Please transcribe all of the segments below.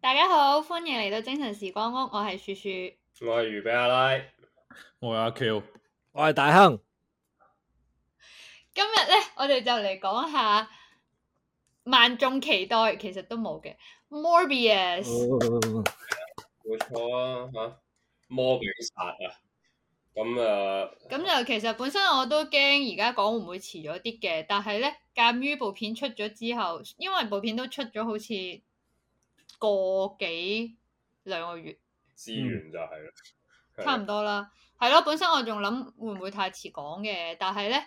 大家好，歡迎嚟到精神時光屋，我係雪雪，我係魚比阿拉，我係阿喬，我係大亨。今日咧，我哋就嚟講下萬眾期待，其實都冇嘅《Morbius》oh.。冇 錯啊，吓《魔比煞》啊。咁啊，咁、啊、就其實本身我都驚而家講會唔會遲咗啲嘅，但係咧，鑑於部片出咗之後，因為部片都出咗，好似。個幾兩個月，資源就係、是、啦，嗯、是差唔多啦，係咯。本身我仲諗會唔會太遲講嘅，但係咧，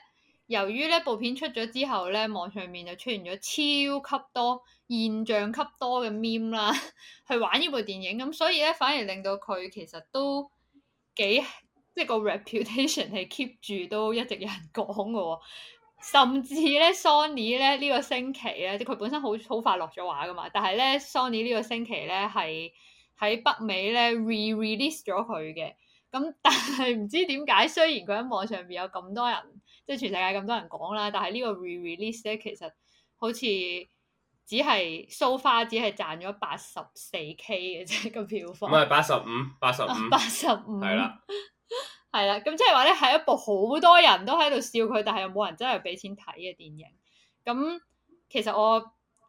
由於呢部片出咗之後咧，網上面就出現咗超級多現象級多嘅 Meme 啦， 去玩呢部電影，咁所以咧反而令到佢其實都幾即係、就是、個 reputation 係 keep 住都一直有人講嘅、哦。甚至咧，Sony 咧呢、個星期咧，即佢本身好好快落咗畫㗎嘛。但係咧，Sony 呢個星期咧係喺北美咧 re-release 咗佢嘅。咁、嗯、但係唔知點解，雖然佢喺網上邊有咁多人，即係全世界咁多人講啦，但係呢個 re-release 咧其實好似只係蘇花，so、far，只係賺咗八十四 K 嘅啫個票房。唔係八十五，八十五，八十五，係啦。係啦，咁即係話咧，係、嗯就是、一部好多人都喺度笑佢，但係又冇人真係俾錢睇嘅電影。咁、嗯、其實我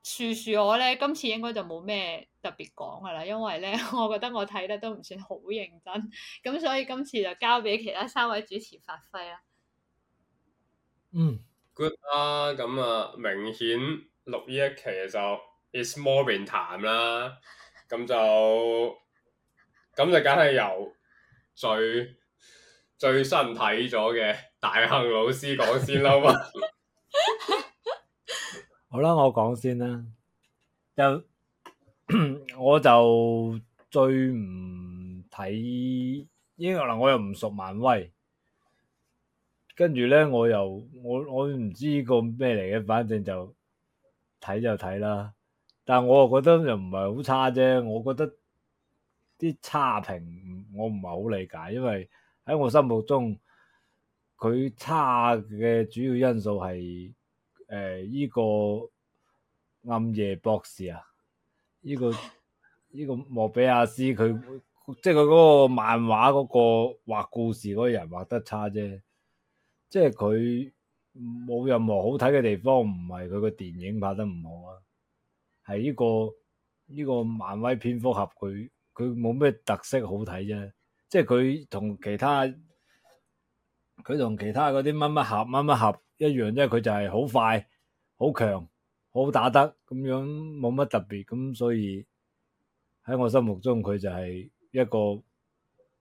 樹樹我咧，今次應該就冇咩特別講噶啦，因為咧，我覺得我睇得都唔算好認真。咁、嗯、所以今次就交俾其他三位主持發揮啦。嗯，good 啦，咁啊，明顯錄呢一期就 is more 平淡啦。咁就咁就梗係由最。最新睇咗嘅大亨老師講先啦嘛， 好啦，我講先啦，又 我就最唔睇，因為可能我又唔熟漫威，跟住咧我又我我唔知個咩嚟嘅，反正就睇就睇啦，但係我又覺得又唔係好差啫，我覺得啲差評我唔係好理解，因為。喺我心目中，佢差嘅主要因素係誒呢個暗夜博士啊，呢、這個呢、這個莫比阿斯佢即係佢嗰個漫畫嗰、那個畫故事嗰個人畫得差啫，即係佢冇任何好睇嘅地方，唔係佢個電影拍得唔好啊，係呢、這個呢、這個漫威蝙蝠俠佢佢冇咩特色好睇啫。即係佢同其他佢同其他嗰啲乜乜俠乜乜俠一樣，即係佢就係好快、好強、好打得咁樣，冇乜特別。咁所以喺我心目中，佢就係一個誒、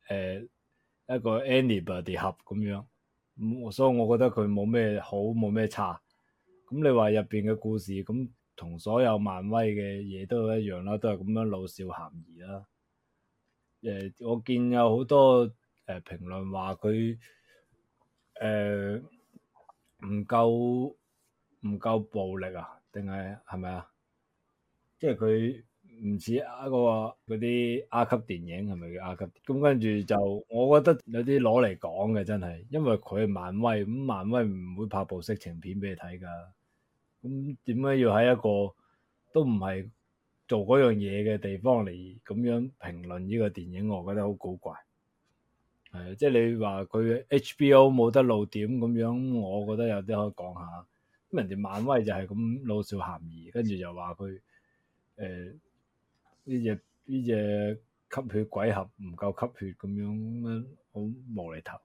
呃、一個 anybody 俠咁樣。咁所以我覺得佢冇咩好，冇咩差。咁你話入邊嘅故事，咁同所有漫威嘅嘢都一樣啦，都係咁樣老少咸宜啦。誒，我見有好多誒評論話佢誒唔夠唔夠暴力啊？定係係咪啊？即係佢唔似啊嗰個啲 R 級電影係咪叫 R 級？咁跟住就，我覺得有啲攞嚟講嘅真係，因為佢係漫威，咁漫威唔會拍部色情片俾你睇噶。咁點解要喺一個都唔係？做嗰樣嘢嘅地方嚟咁樣評論呢個電影，我覺得好古怪。係、嗯、即係你話佢 HBO 冇得露點咁樣，我覺得有啲可以講下。咁人哋漫威就係咁老少咸宜，跟住又話佢誒呢隻呢隻吸血鬼俠唔夠吸血咁樣，好無厘頭。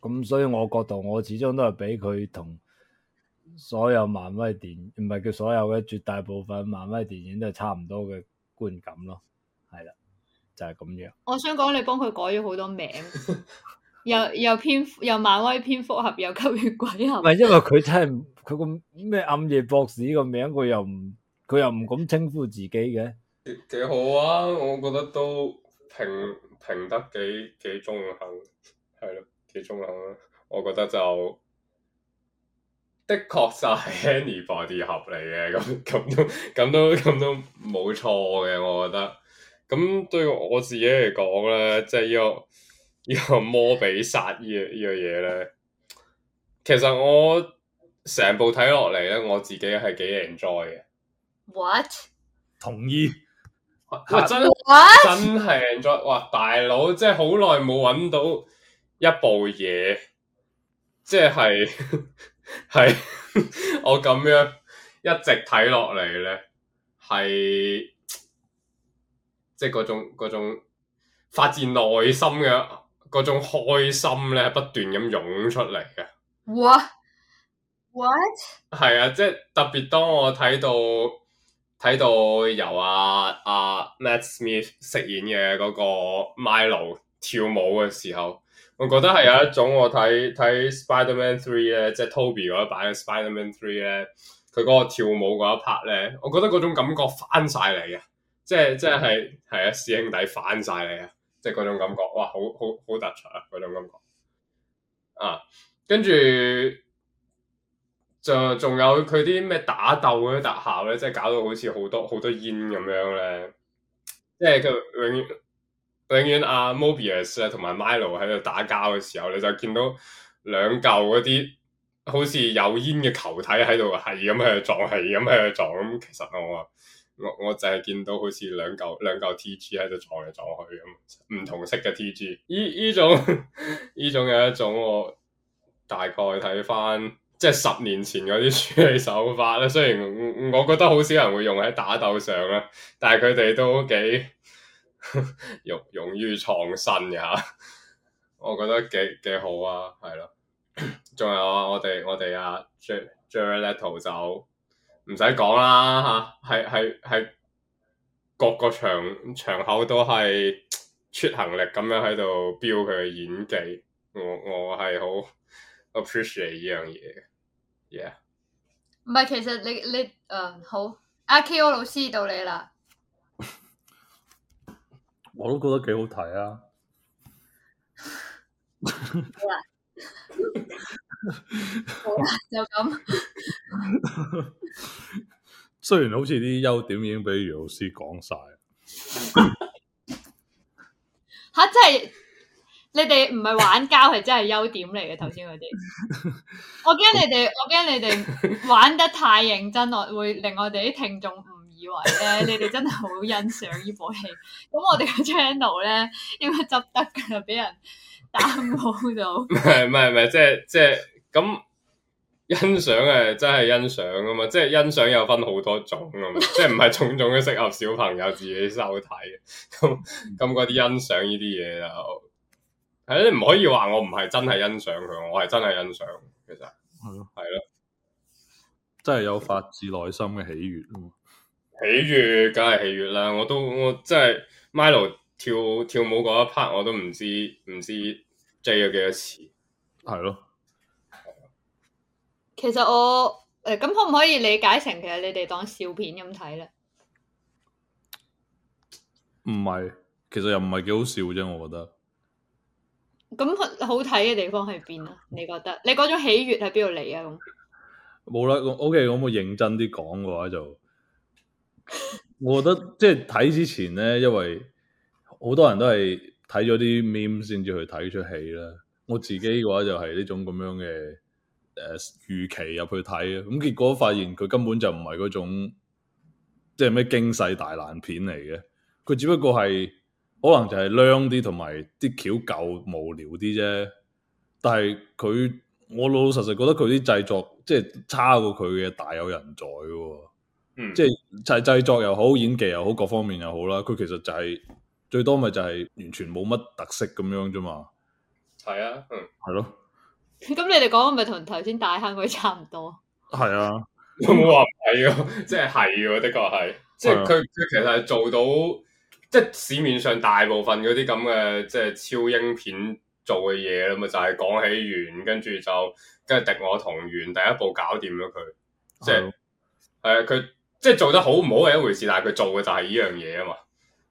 咁所以我覺得我始終都係俾佢同。所有漫威電影唔係叫所有嘅，絕大部分漫威電影都係差唔多嘅觀感咯，係啦，就係咁樣。我想講你幫佢改咗好多名 又，又又蝙又漫威蝙蝠俠又吸血鬼，係咪？因為佢真係佢個咩暗夜博士個名，佢又唔佢又唔敢稱呼自己嘅。幾好啊！我覺得都評評得幾幾中肯，係咯，幾中肯啊！我覺得就。的確就係 anybody 博士合理嘅，咁咁都咁都咁都冇錯嘅，我覺得。咁對我自己嚟講咧，即係呢個呢、這個魔比煞呢樣呢樣嘢咧，其實我成部睇落嚟咧，我自己係幾 enjoy 嘅。What？同意。哇！真 What? 真係 enjoy。哇！大佬，即係好耐冇揾到一部嘢，即、就、係、是。 係我咁樣一直睇落嚟咧，係即係嗰種嗰種發自內心嘅嗰種開心咧，不斷咁湧出嚟嘅。What？What？係 What? 啊，即係特別當我睇到睇到由阿、啊、阿、啊、Matt Smith 飾演嘅嗰個 Milo 跳舞嘅時候。我覺得係有一種我睇睇 Spiderman Three 咧，即係 Toby 嗰一版 Spiderman Three 咧，佢嗰個跳舞嗰一 part 咧，我覺得嗰種感覺翻晒嚟啊，即係即係係啊師兄弟翻晒嚟啊，即係嗰種感覺，哇好好好突出啊嗰種感覺啊，跟住就仲有佢啲咩打鬥嗰啲特效咧，即係搞到好似好多好多煙咁樣咧，即係佢永遠。永遠阿 Mobius 啊同埋 Milo 喺度打交嘅時候，你就見到兩嚿嗰啲好似有煙嘅球體喺度係咁去撞，係咁去撞。咁其實我話我我淨係見到好似兩嚿兩嚿 TG 喺度撞嚟撞去咁，唔同色嘅 TG。依依種依種有一種我大概睇翻即係十年前嗰啲處理手法啦。雖然我覺得好少人會用喺打鬥上啦，但係佢哋都幾。 勇勇於創新嘅我覺得幾幾好啊，係咯。仲 有啊，我哋我哋阿 J e r r a l d 就唔使講啦吓，係係係各個場場口都係出行力咁樣喺度飆佢嘅演技，我我係好 appreciate 呢樣嘢嘅，yeah。唔係，其實你你誒、呃、好，阿 K O 老師到你啦。我都覺得幾好睇啊！好啦，好啦，就咁。雖然好似啲優點已經俾余老師講晒。吓， 即係真係 你哋唔係玩交，係真係優點嚟嘅。頭先佢哋，我驚你哋，我驚你哋玩得太認真，我會令我哋啲聽眾，以為咧，你哋真係好欣賞呢部戲，咁我哋嘅 channel 咧應該執得嘅，俾人耽誤到。唔係唔係唔係，即係即係咁欣賞係，真係欣賞噶嘛？即係欣賞又分好多種噶嘛？即係唔係種種都適合小朋友自己收睇。咁咁嗰啲欣賞呢啲嘢就係，你唔可以話我唔係真係欣賞佢，我係真係欣賞。其實係咯，係咯，真係有發自內心嘅喜悦喜悅梗係喜悅啦！我都我真係 Milo 跳跳舞嗰一 part，我都唔知唔知 j 咗幾多次，係咯了。其實我誒咁可唔可以理解成，其實你哋當笑片咁睇咧？唔係，其實又唔係幾好笑啫。我覺得咁好睇嘅地方喺邊啊？你覺得你嗰種喜悦喺邊度嚟啊？咁冇啦。OK，咁我認真啲講嘅話就。我覺得即係睇之前咧，因為好多人都係睇咗啲 meme 先至去睇出戲啦。我自己嘅話就係呢種咁樣嘅誒預期入去睇，咁結果發現佢根本就唔係嗰種即係咩驚世大爛片嚟嘅。佢只不過係可能就係靚啲，同埋啲橋舊無聊啲啫。但係佢我老老實實覺得佢啲製作即係差過佢嘅大有人在嘅、哦。嗯、即係製製作又好，演技又好，各方面又好啦。佢其實就係、是、最多咪就係完全冇乜特色咁樣啫嘛。係啊，嗯，係咯的。咁你哋講咪同頭先大坑嗰啲差唔多。係啊，冇話唔係啊，即係係嘅，的確係。即係佢佢其實係做到，即、就、係、是、市面上大部分嗰啲咁嘅即係超英片做嘅嘢啦嘛，就係、是、講起完，跟住就跟住敵我同源第一步搞掂咗佢，即係係啊，佢的。即係做得好唔好係一回事，但係佢做嘅就係呢樣嘢啊。嘛，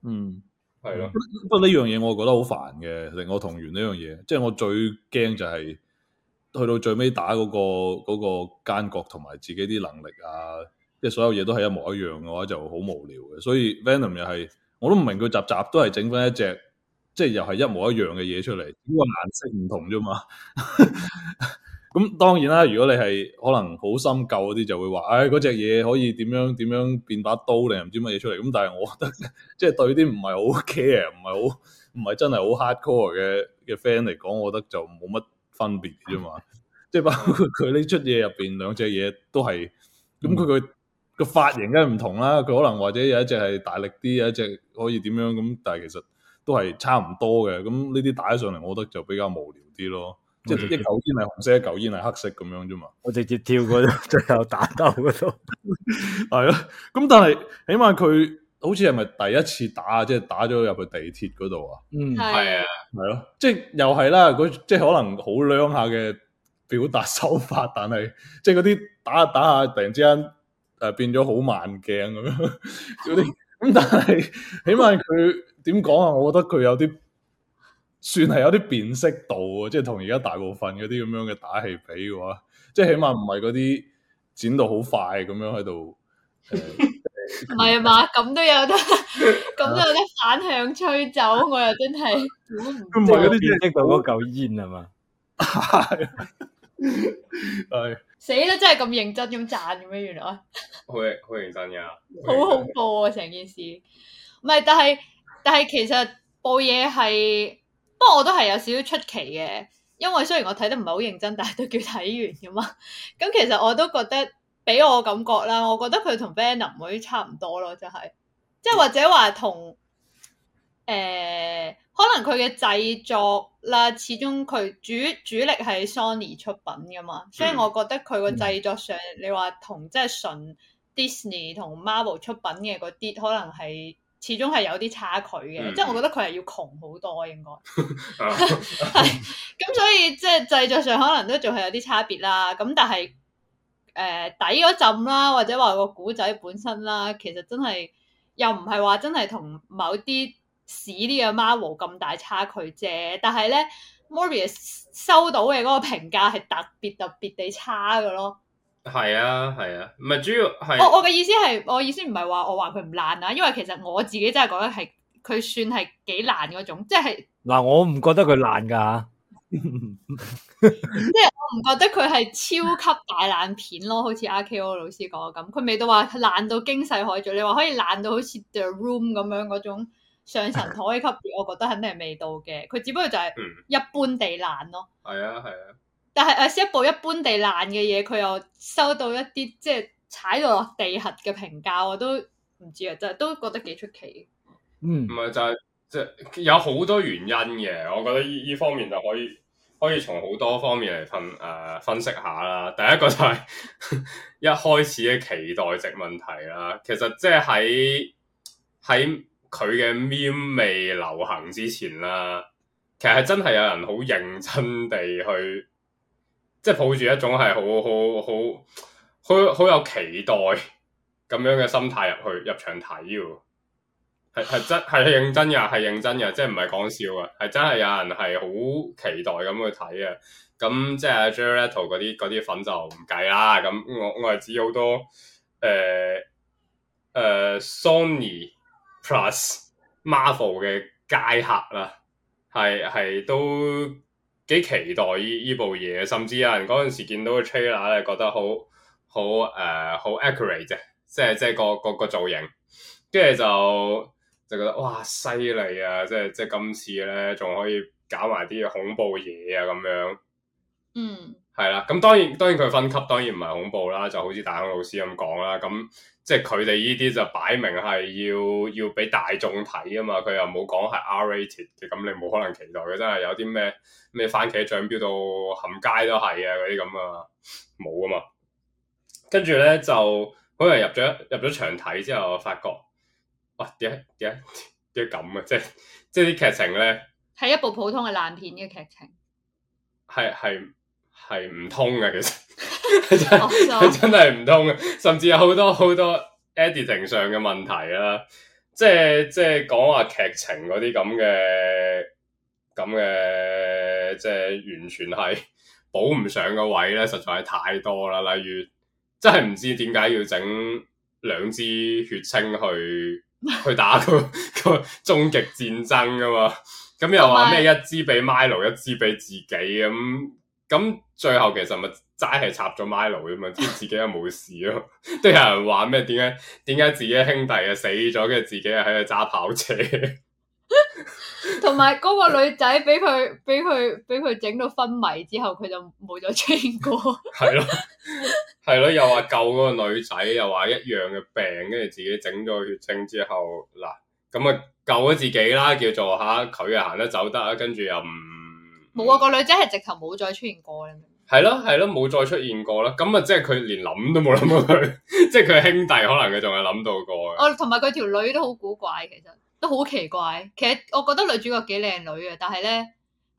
嗯，係咯的。不過呢樣嘢我覺得好煩嘅，令我同源呢樣嘢。即係我最驚就係、係、去到最尾打嗰、嗰個嗰、嗰個奸角同埋自己啲能力啊，即係所有嘢都係一模一樣嘅話，就好無聊嘅。所以 Venom、um、又係，我都唔明佢集集都係整返一隻，即係又係一模一樣嘅嘢出嚟，整個顏色唔同啫嘛。 咁當然啦，如果你係可能好深究嗰啲，就會話，唉、哎，嗰隻嘢可以點樣點樣變把刀定唔知乜嘢出嚟？咁但係我覺得，即係對啲唔係好 care、唔係好唔係真係好 hardcore 嘅嘅 friend 嚟講，我覺得就冇乜分別啫嘛。即係、嗯、包括佢呢出嘢入邊兩隻嘢都係，咁佢佢個髮型梗係唔同啦。佢可能或者有一隻係大力啲，有一隻可以點樣咁，但係其實都係差唔多嘅。咁呢啲打起上嚟，我覺得就比較無聊啲咯。即係一嚿煙係紅色，一嚿煙係黑色咁樣啫嘛。我直接跳過，最後打鬥嗰度係咯。咁但係起碼佢好似係咪第一次打，即係打啊？即係打咗入去地鐵嗰度啊？嗯，係啊是，係咯了。即係又係啦。即係可能好靚下嘅表達手法，但係即係嗰啲打下打下，突然之間誒變咗好慢鏡咁樣嗰啲。咁但係起碼佢點講啊？我覺得佢有啲。算係有啲辨識度、啊、即係同而家大部分嗰啲咁樣嘅打戲比嘅話，即係起碼唔係嗰啲剪到好快咁、呃、樣喺度。唔係啊嘛，咁都有得，咁都有得反向吹走，我又真係唔。佢唔係嗰啲辨識度，嗰嚿煙係嘛？係死啦！真係咁認真咁讚嘅咩？原來好認真呀！好恐怖啊，成件事。唔係、um um um um um er um um um，但係但係，其實部嘢係。不過我都係有少少出奇嘅，因為雖然我睇得唔係好認真，但係都叫睇完嘅嘛。咁其實我都覺得俾我感覺啦，我覺得佢同 Venom 嗰啲差唔多咯，就係、是、即係或者話同誒可能佢嘅製作啦，始終佢主主力係 Sony 出品嘅嘛，所以我覺得佢個製作上，嗯、你話同即係純 Disney 同 Marvel 出品嘅嗰啲，可能係。始終係有啲差距嘅，嗯、即係我覺得佢係要窮好多應該，係 咁 所以即係製作上可能都仲係有啲差別啦。咁但係誒抵咗浸啦，或者話個古仔本身啦，其實真係又唔係話真係同某啲屎啲嘅 Marvel 咁大差距啫。但係咧 Morbius, 收到嘅嗰個評價係特別特別地差嘅咯。係啊係啊，唔係、啊、主要係。我我嘅意思係，我意思唔係話我話佢唔爛啊，因為其實我自己真係覺得係佢算係幾爛嗰種，即係嗱我唔覺得佢爛噶， 即係我唔覺得佢係超級大爛片咯，好似阿 Ko 老師講咁，佢未到話爛到驚世海咗。你話可以爛到好似 The Room 咁樣嗰種上神台級別， 我覺得肯定係未到嘅，佢只不過就係一般地爛咯。係啊係啊。但係誒，一部一般地爛嘅嘢，佢又收到一啲即係踩到落地核嘅評價，我都唔知啊，真係都覺得幾出奇。嗯，唔係就係即係有好多原因嘅，我覺得呢呢方面就可以可以從好多方面嚟分誒、呃、分析下啦。第一個就係、是、 一開始嘅期待值問題啦。其實即係喺喺佢嘅 meme 未流行之前啦，其實係真係有人好認真地去。即係抱住一種係好好好好好有期待咁樣嘅心態入去入場睇嘅，係係真係認真嘅，係認真嘅，即係唔係講笑嘅，係真係有人係好期待咁去睇嘅。咁即係 Jared Leto 嗰啲啲粉就唔計啦。咁我我係指好多誒誒、呃呃、Sony Plus Marvel 嘅街客啦，係係都。幾期待呢依部嘢，甚至有人嗰陣時見到個 trailer 咧，覺得好好誒好 accurate 啫，即係即係個個個造型，跟住就，就覺得哇犀利啊！即係即係今次咧，仲可以搞埋啲恐怖嘢啊咁樣。嗯，係啦，咁當然當然佢分級當然唔係恐怖啦，就好似大雄老師咁講啦，咁。即係佢哋呢啲就擺明係要要俾大眾睇啊嘛，佢又冇講係 R-rated 嘅，咁你冇可能期待佢真係有啲咩咩番茄醬飆到冚街都係啊嗰啲咁啊冇啊嘛，跟住咧就好多人入咗入咗場睇之後，發覺哇點解點解點解咁啊！即係即係啲劇情咧係一部普通嘅爛片嘅劇情，係係。係唔通嘅，其實 真 真係唔通，甚至有好多好多 editing 上嘅問題啦，即係即係講話劇情嗰啲咁嘅咁嘅，即係完全係補唔上個位咧，實在係太多啦。例如真係唔知點解要整兩支血清去 去打個個終極戰爭噶嘛？咁又話咩一支俾 Milo，一支俾自己咁？咁最後其實咪齋係插咗 Milo 咁，知自己又冇事咯。 都有人話咩？點解點解自己兄弟啊死咗，跟住自己又喺度揸跑車？同埋嗰個女仔俾佢俾佢俾佢整到昏迷之後，佢就冇再 change 過。係咯係咯，又話救嗰個女仔，又話一樣嘅病，跟住自己整咗血清之後嗱，咁啊救咗自己啦，叫做吓佢啊行得走得啊，跟住又唔。冇啊！個女仔係直頭冇再出現過啦。係咯係咯，冇再出現過啦。咁啊， 即係佢連諗都冇諗過佢，即係佢兄弟可能佢仲係諗到過。哦，同埋佢條女都好古怪，其實都好奇怪。其實我覺得女主角幾靚女嘅，但係咧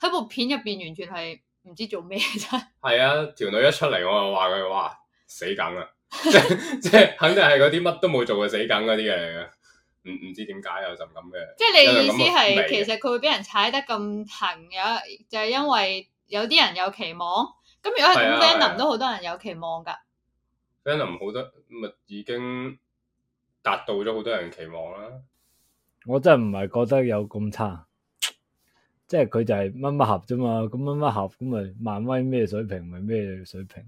喺部片入邊完全係唔知做咩真係。係啊， 條女一出嚟我就話佢，哇，死梗啦！ 即即係肯定係嗰啲乜都冇做嘅死梗嗰啲嘢嚟嘅。唔知點解有陣咁嘅，即係你意思係其實佢會俾人踩得咁痕，有就係、是、因為有啲人有期望。咁如果係 Van m 都好多人有期望㗎，Van m、um、好多咪已經達到咗好多人期望啦。我真係唔係覺得有咁差，即係佢就係乜乜俠啫嘛。咁乜乜俠咁咪漫威咩水平咪咩水平？就是、水平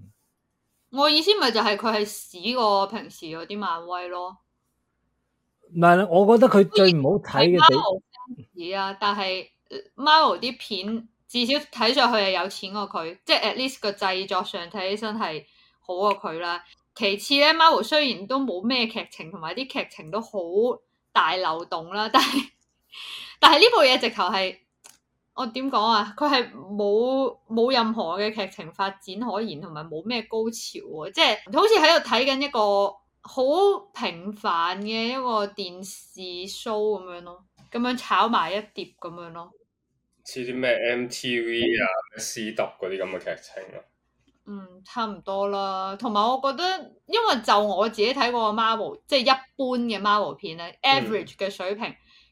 我意思咪就係佢係屎過平時嗰啲漫威咯。唔係，我覺得佢最唔好睇嘅 Marvel 而啦，但係 Marvel 啲片至少睇上去係有錢過佢，即係 at least 個製作上睇起身係好過佢啦。其次咧，Marvel 雖然都冇咩劇情，同埋啲劇情都好大漏洞啦，但係但係呢部嘢直頭係，我點講啊？佢係冇冇任何嘅劇情發展可言，同埋冇咩高潮，即係好似喺度睇緊一個。好平凡嘅一個電視 show 咁樣咯，咁樣炒埋一碟咁樣咯。似啲咩 MTV 啊、咩 sitcom 嗰啲咁嘅劇情啊。嗯，差唔多啦。同埋我覺得，因為就我自己睇過個 Marvel，即係一般嘅 Marvel 片咧，average 嘅水平，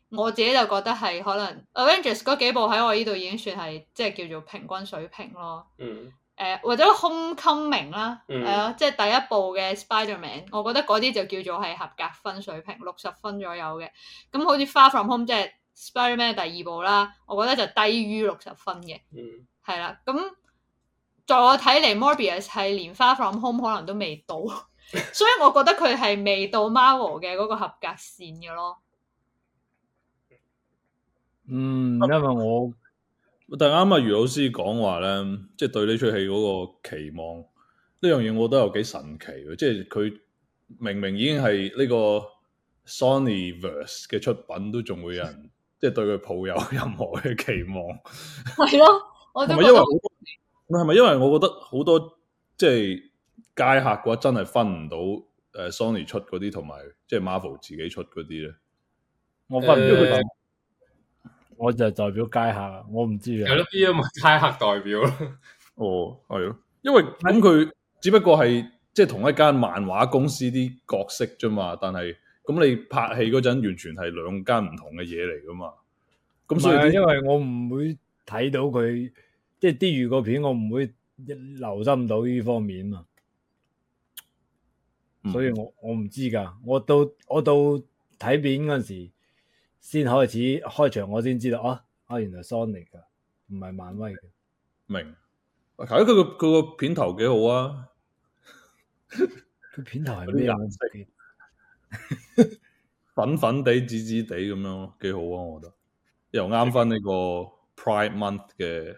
嗯、我自己就覺得係可能 Avengers 嗰幾部喺我呢度已經算係即係叫做平均水平咯。嗯。誒、呃、或者 Homecoming 啦，係啊、嗯呃，即係第一部嘅 Spiderman，我覺得嗰啲就叫做係合格分水平，六十分左右嘅。咁好似 Far From Home 即係 Spiderman 第二部啦，我覺得就低於六十分嘅。嗯，係啦。咁在我睇嚟，Morbius 係連 Far From Home 可能都未到， 所以我覺得佢係未到 Marvel 嘅嗰個合格線嘅咯。嗯，因為我。但啱啊！余老師講話咧，即、就、係、是、對呢出戲嗰個期望呢樣嘢，這個、我覺得有幾神奇嘅。即係佢明明已經係呢個 Sony Verse 嘅出品，都仲會有人即係、就是、對佢抱有任何嘅期望。係咯、 啊，我唔係因為，唔係咪因為我覺得好多即係、就是、街客嘅話，真係分唔到誒 Sony 出嗰啲，同埋即係 Marvel 自己出嗰啲咧。我分唔到佢。欸我就代表街客啦，我唔知啊。係咯，啲啊咪街客代表咯。 哦，係咯，因為咁佢只不過係即係同一間漫畫公司啲角色啫嘛，但係咁你拍戲嗰陣完全係兩間唔同嘅嘢嚟噶嘛。咁所以因為我唔會睇到佢，即係啲預告片，我唔會留心到呢方面嘛。嗯、所以我我唔知噶，我到我到睇片嗰陣時。先開始開場，我先知道哦、啊，啊，原來 Sony 噶，唔係漫威嘅。明，係佢個佢個片頭幾好啊！佢 片頭係咩顏色？粉粉地、紫紫地咁樣咯，幾好啊！我覺得又啱翻呢個 Prime Month 嘅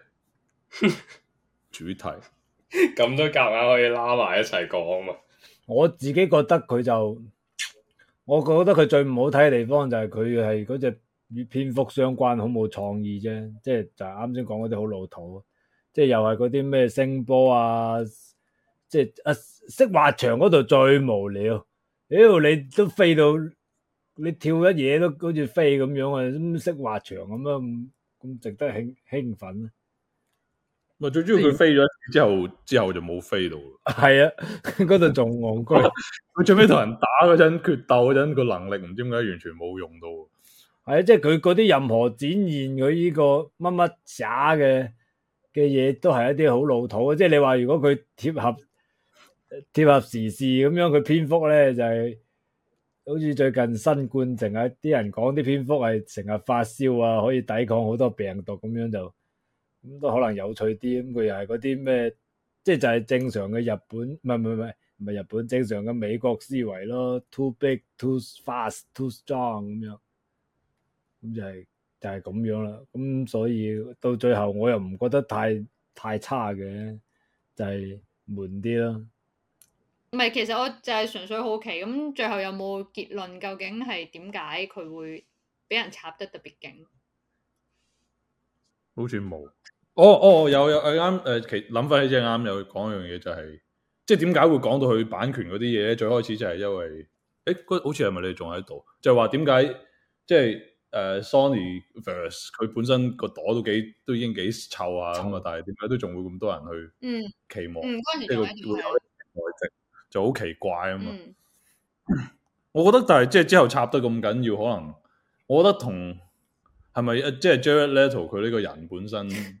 主題。咁都夾硬可以拉埋一齊講啊嘛。我自己覺得佢就我覺得佢最唔好睇嘅地方就係佢係嗰隻與蝙蝠相關好冇創意啫，即係就係啱先講嗰啲好老土咯，即係又係嗰啲咩聲波啊，即係啊識滑翔嗰度最無聊，屌、欸、你都飛到你跳一嘢都好似飛咁樣啊，咁識滑翔咁樣咁值得興興奮咧？最主要佢飛咗之後，之後就冇飛到。係啊，嗰度仲戇居。佢 最尾同人打嗰陣決鬥嗰陣個能力，唔知點解完全冇用到。係啊，即係佢嗰啲任何展現佢呢個乜乜渣嘅嘅嘢，都係一啲好老土嘅。即係你話如果佢貼合貼合時事咁樣，佢蝙蝠咧就係好似最近新冠成日啲人講啲蝙蝠係成日發燒啊，可以抵抗好多病毒咁樣就。咁都可能有趣啲，咁佢又係嗰啲咩，即係就係正常嘅日本，唔係唔係唔係日本，正常嘅美國思維咯，too big too fast too strong 咁樣，咁就係就係咁樣啦，咁所以到最後我又唔覺得太太差嘅，就係悶啲咯。唔係，其實我就係純粹好奇，咁最後有冇結論？究竟係點解佢會俾人插得特別勁？好似冇哦哦有 oh, oh, 有啱誒、呃，其實諗返起即係啱有講一樣嘢就係、是，即係點解會講到佢版權嗰啲嘢咧？最開始就係因為誒，好似係咪你仲喺度？就係話點解即係誒，Sony Verse 佢本身個朵都幾都已經幾臭啊咁啊，臭但係點解都仲會咁多人去嗯期望呢個、嗯嗯、會有外籍就好奇怪啊嘛、嗯。我覺得但係即係之後插得咁緊要，可能我覺得同。係咪啊？即係、就是、Jared Leto 佢呢個人本身嗰、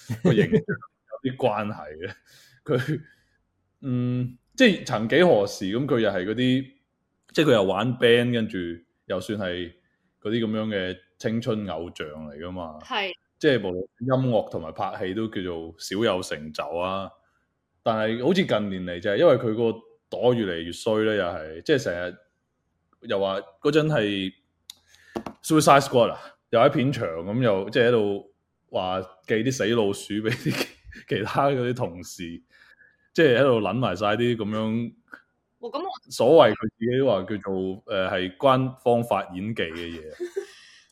那個個形象有啲關係嘅？佢 嗯，即、就、係、是、曾幾何時咁，佢又係嗰啲，即係佢又玩 band，跟住又算係嗰啲咁樣嘅青春偶像嚟噶嘛？係即係無論音樂同埋拍戲都叫做小有成就啊！但係好似近年嚟，就係，因為佢個朵越嚟越衰咧、就是，就是、又係即係成日又話嗰陣係。Suicide Squad 啊，又喺片場咁，又即係喺度話寄啲死老鼠俾啲其他嗰啲同事，即係喺度諗埋晒啲咁樣。哦，咁我所謂佢自己都話叫做誒，係、呃、關方法演技嘅嘢。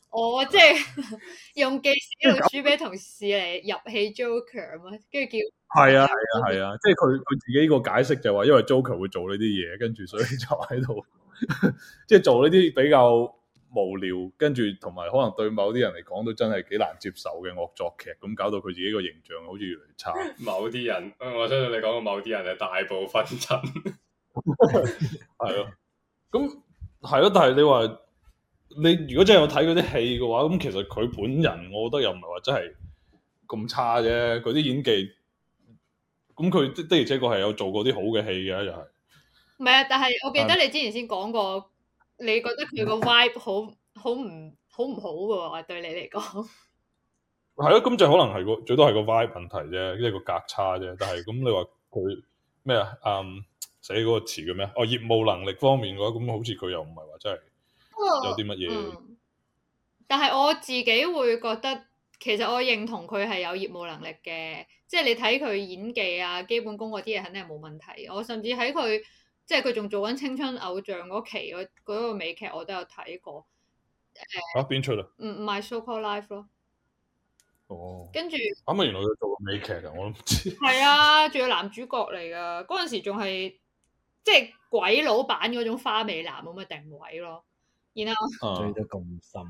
哦，即係用寄死老鼠俾同事嚟入戲 Joker 嘛 啊，跟住叫係啊，係啊，係啊，啊，啊，啊，即係佢佢自己呢個解釋就話，因為 Joker 會做呢啲嘢，跟住所以就喺度， 即係做呢啲比較，無聊，跟住同埋可能對某啲人嚟講都真係幾難接受嘅惡作劇，咁搞到佢自己個形象好似越嚟越差。 某啲人，我相信你講嘅某啲人係大部分真係咯。咁係咯，但係你話你如果真係有睇嗰啲戲嘅話，咁其實佢本人，我覺得又唔係話真係咁差啫。佢啲演技，咁佢的的而且確係有做過啲好嘅戲嘅，又係。唔係啊，但係我記得但你之前先講過。你覺得佢個 vibe 好好唔好唔好噶？對你嚟講，係咯，咁就可能係個最多係個 vibe 問題啫，即係個格差啫。但係咁你話佢咩啊？嗯，寫嗰個詞嘅咩？哦，業務能力方面嘅話，咁好似佢又唔係話真係有啲乜嘢。但係我自己會覺得，其實我認同佢係有業務能力嘅，即係你睇佢演技啊、基本功嗰啲嘢，肯定係冇問題。我甚至喺佢。即係佢仲做緊青春偶像嗰期嗰嗰、嗰個美劇我都有睇過，啊、uh, 邊出啊？唔唔係 So Called Life 咯，哦、oh, 着。跟住啊原來都做過美劇 啊，我都唔知。係啊，仲有男主角嚟噶，嗰陣時仲係即係鬼佬版嗰種花美男咁嘅定位咯，然後追得咁深。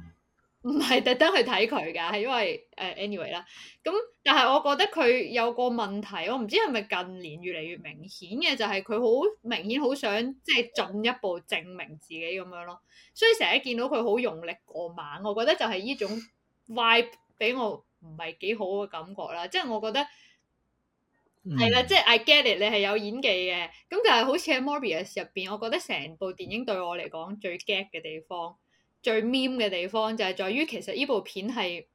唔係特登去睇佢㗎，係因為誒、uh, anyway 啦。咁但係我覺得佢有個問題，我唔知係咪近年越嚟越明顯嘅，就係佢好明顯好想即係、就是、進一步證明自己咁樣咯。所以成日見到佢好用力過猛，我覺得就係呢種 vibe 俾我唔係幾好嘅感覺啦。即、就、係、是、我覺得係啦，即係、嗯就是、I get it，你係有演技嘅。咁就係好似喺 Morbius 入邊，我覺得成部電影對我嚟講最 get 嘅地方。最 mean 嘅地方就係在於，其實呢部片係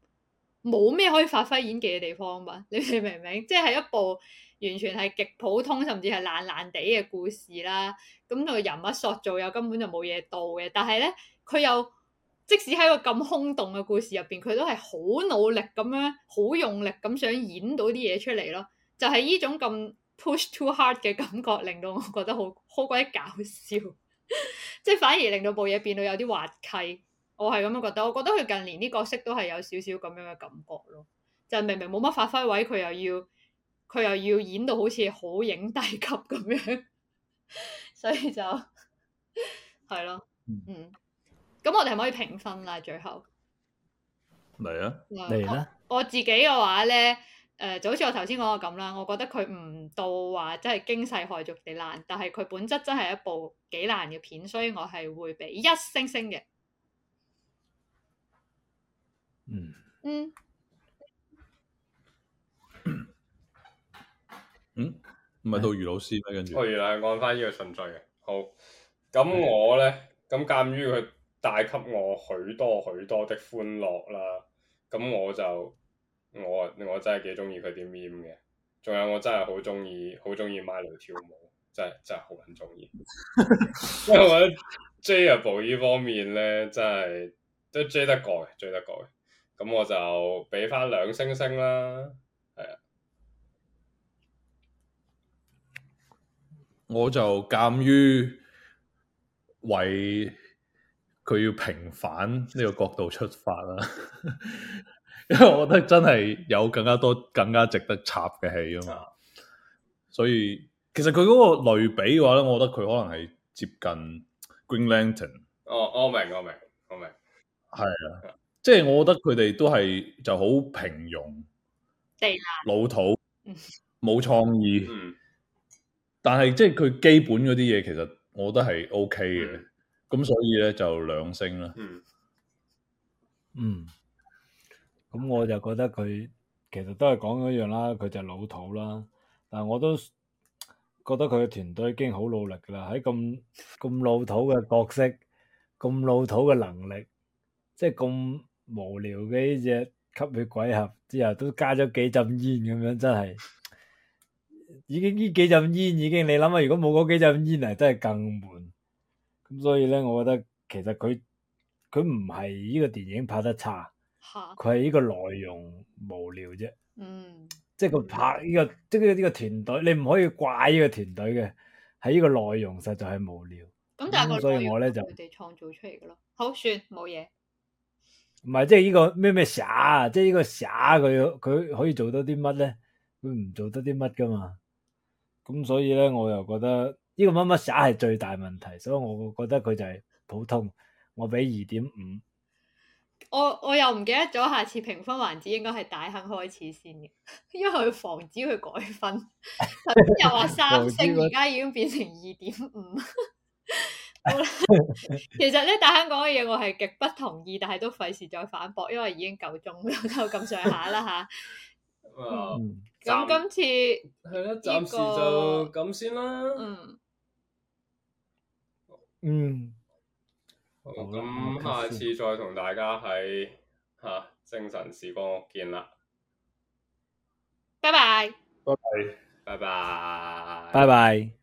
冇咩可以發揮演技嘅地方嘛，你明唔明？即係一部完全係極普通，甚至係爛爛地嘅故事啦。咁個人物塑造又根本就冇嘢到嘅。但係咧，佢又即使喺個咁空洞嘅故事入邊，佢都係好努力咁樣，好用力咁想演到啲嘢出嚟咯。就係呢種咁 push too hard 嘅感覺，令到我覺得好好鬼搞笑。 即係反而令到部嘢變到有啲滑稽，我係咁樣覺得。我覺得佢近年啲角色都係有少少咁樣嘅感覺咯，就係，明明冇乜發揮位，佢又要佢又要演到好似好影帝級咁樣，所以就係咯， 了嗯，嗯。咁我哋係咪可以評分啦？最後嚟啊，你咧？我自己嘅話呢。誒、呃、就好似我頭先講嘅咁啦，我覺得佢唔到話真係驚世害俗、驚世駭俗地爛，但係佢本質真係一部幾爛嘅片，所以我係會俾一、yes, 星星嘅。嗯。嗯。嗯，唔係到余老師咩？跟住。可以啦，按返呢個順序嘅。好，咁、嗯、我呢，咁鑑於佢帶給我許多許多的歡樂啦，咁我就。我我真係幾中意佢啲 Vim 嘅，仲有我真係好中意好中意 Milo 跳舞，真係真係好撚中意。 因為我覺得 Jable 呢方面咧，真係都追得過嘅，追得過嘅。咁我就俾翻兩星星啦。係啊，我就鑒於為佢要平反呢個角度出發啦。 因為我覺得真係有更加多、更加值得插嘅戲啊嘛，啊所以其實佢嗰個類比嘅話咧，我覺得佢可能係接近 Green Lantern。哦，我明，我明，我明，係啊，即係我覺得佢哋都係就好平庸、地、嗯、老土、冇創意，嗯、但係即係佢基本嗰啲嘢，其實我覺得係 O K 嘅，咁、嗯、所以咧就兩星啦。嗯。嗯咁我就覺得佢其實都係講一樣啦，佢就老土啦。但係我都覺得佢嘅團隊已經好努力噶啦，喺咁咁老土嘅角色，咁老土嘅能力，即係咁無聊嘅呢隻吸血鬼俠之後，都加咗幾浸煙咁樣，真係已經呢幾浸煙已經，你諗下如果冇嗰幾浸煙啊，真係更悶。咁所以咧，我覺得其實佢佢唔係呢個電影拍得差。佢係呢個內容無聊啫，嗯，即係佢拍呢個，即呢個團隊，你唔可以怪呢個團隊嘅，係呢個內容實在係無聊。咁但係所以我就佢哋創造出嚟嘅咯。好，算冇嘢。唔係，即係呢個咩咩煞，即係呢個煞佢，佢可以做得啲乜咧？佢唔做得啲乜噶嘛。咁所以咧，我又覺得呢個乜乜煞係最大問題，所以我覺得佢就係普通。我俾二點五。我我又唔記得咗，下次評分環節應該係大亨開始先嘅，因為佢防止佢改分。頭先又話三星，而家已經變成二點五。其實咧，大亨講嘅嘢我係極不同意，但係都費事再反駁，因為而家已經夠鐘，夠咁上下啦吓。咁今次係啦，暫時就咁先啦。嗯。嗯。咁下次再同大家喺嚇、啊、精神時光屋見啦，拜拜，拜拜，拜拜，拜拜。